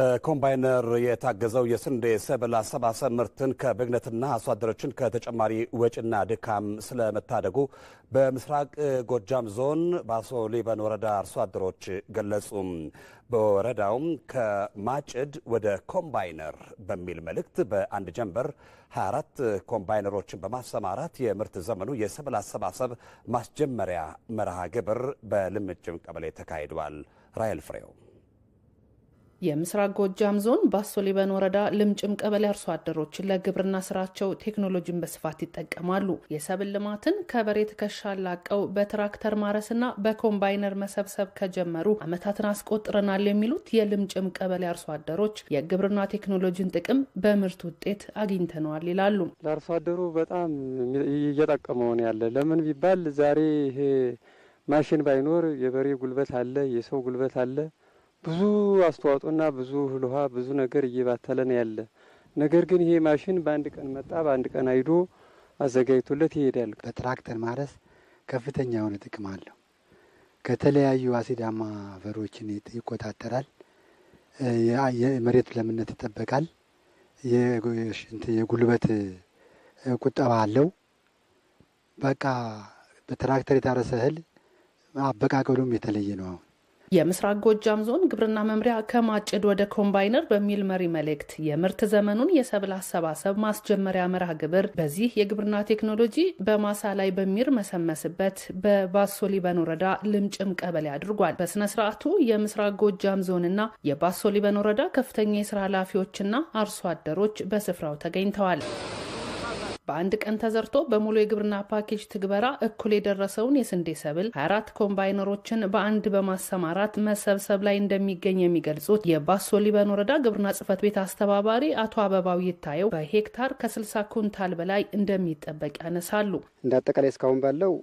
በኮምባይነር የታገዘው የስንዴ ሰብል አሰባሰብ ምርትን ከብግነትና አርሶ አደሮችን ከተጨማሪ ወጪና ድካም ስለመታደጉ በምስራቅ ጎጃም ዞን ባሶ ሊበን ወረዳ አርሶ አደሮች ገለጹ። በወረዳውም ከማጭድ ወደ ኮምባይነር በሚል መልእክት በአንድ ጀንበር 24 ኮምባይነሮችን በማሰማራት የምርት ዘመኑ የሰብል አሰባሰብ ማስጀመሪያ መርሃ ግብር በልምጭም ቀበሌ ተካሂዷል። ራይል ፍሬው የምስራቅ ጎጃም ዞን ባሶ ሊበን ወረዳ ልምጭም ቀበሌ አርሶ አደሮች ለግብርና ስራቸው ቴክኖሎጂን በስፋት ይጠቀማሉ። የሰብል ልማትን ከበሬ ትከሻ ላቀው በትራክተር ማረስና በኮምባይነር መሰብሰብ ከጀመሩ ዓመታትን አስቆጥረናል የሚሉት የልምጭም ቀበሌ አርሶ አደሮች የግብርና ቴክኖሎጂን ጥቅም በምርት ውጤት አግኝተነዋል ይላሉ። ለአርሶ አደሩ በጣም እየጠቀመውን ያለ። ለምን ቢባል ዛሬ ይሄ ማሽን ባይኖር የበሬ ጉልበት አለ፣ የሰው ጉልበት አለ ብዙ አስተዋጽኦና ብዙ እህል ውሃ ብዙ ነገር እየባተለን ያለ ነገር ግን ይሄ ማሽን በአንድ ቀን መጣ፣ በአንድ ቀን አይዶ አዘጋጅቶለት ይሄዳል። በትራክተር ማረስ ከፍተኛ የሆነ ጥቅም አለው። ከተለያዩ አሲዳማ አፈሮችን ይቆጣጠራል። የመሬት ለምነት ይጠበቃል። የጉልበት ቁጠባ አለው። በቃ በትራክተር የታረሰ እህል አበቃቀሉም የተለየ ነው አሁን የምስራቅ ጎጃም ዞን ግብርና መምሪያ ከማጭድ ወደ ኮምባይነር በሚል መሪ መልእክት የምርት ዘመኑን የሰብል አሰባሰብ ማስጀመሪያ መርሃ ግብር በዚህ የግብርና ቴክኖሎጂ በማሳ ላይ በሚርመሰመስበት በባሶ ሊበን ወረዳ ልምጭም ቀበሌ አድርጓል። በስነ ስርዓቱ የምስራቅ ጎጃም ዞንና የባሶ ሊበን ወረዳ ከፍተኛ የስራ ኃላፊዎችና አርሶ አደሮች በስፍራው ተገኝተዋል። በአንድ ቀን ተዘርቶ በሙሉ የግብርና ፓኬጅ ትግበራ እኩል የደረሰውን የስንዴ ሰብል 24 ኮምባይነሮችን በአንድ በማሰማራት መሰብሰብ ላይ እንደሚገኝ የሚገልጹት የባሶ ሊበን ወረዳ ግብርና ጽሕፈት ቤት አስተባባሪ አቶ አበባው ይታየው በሄክታር ከ60 ኩንታል በላይ እንደሚጠበቅ ያነሳሉ። እንደ አጠቃላይ እስካሁን ባለው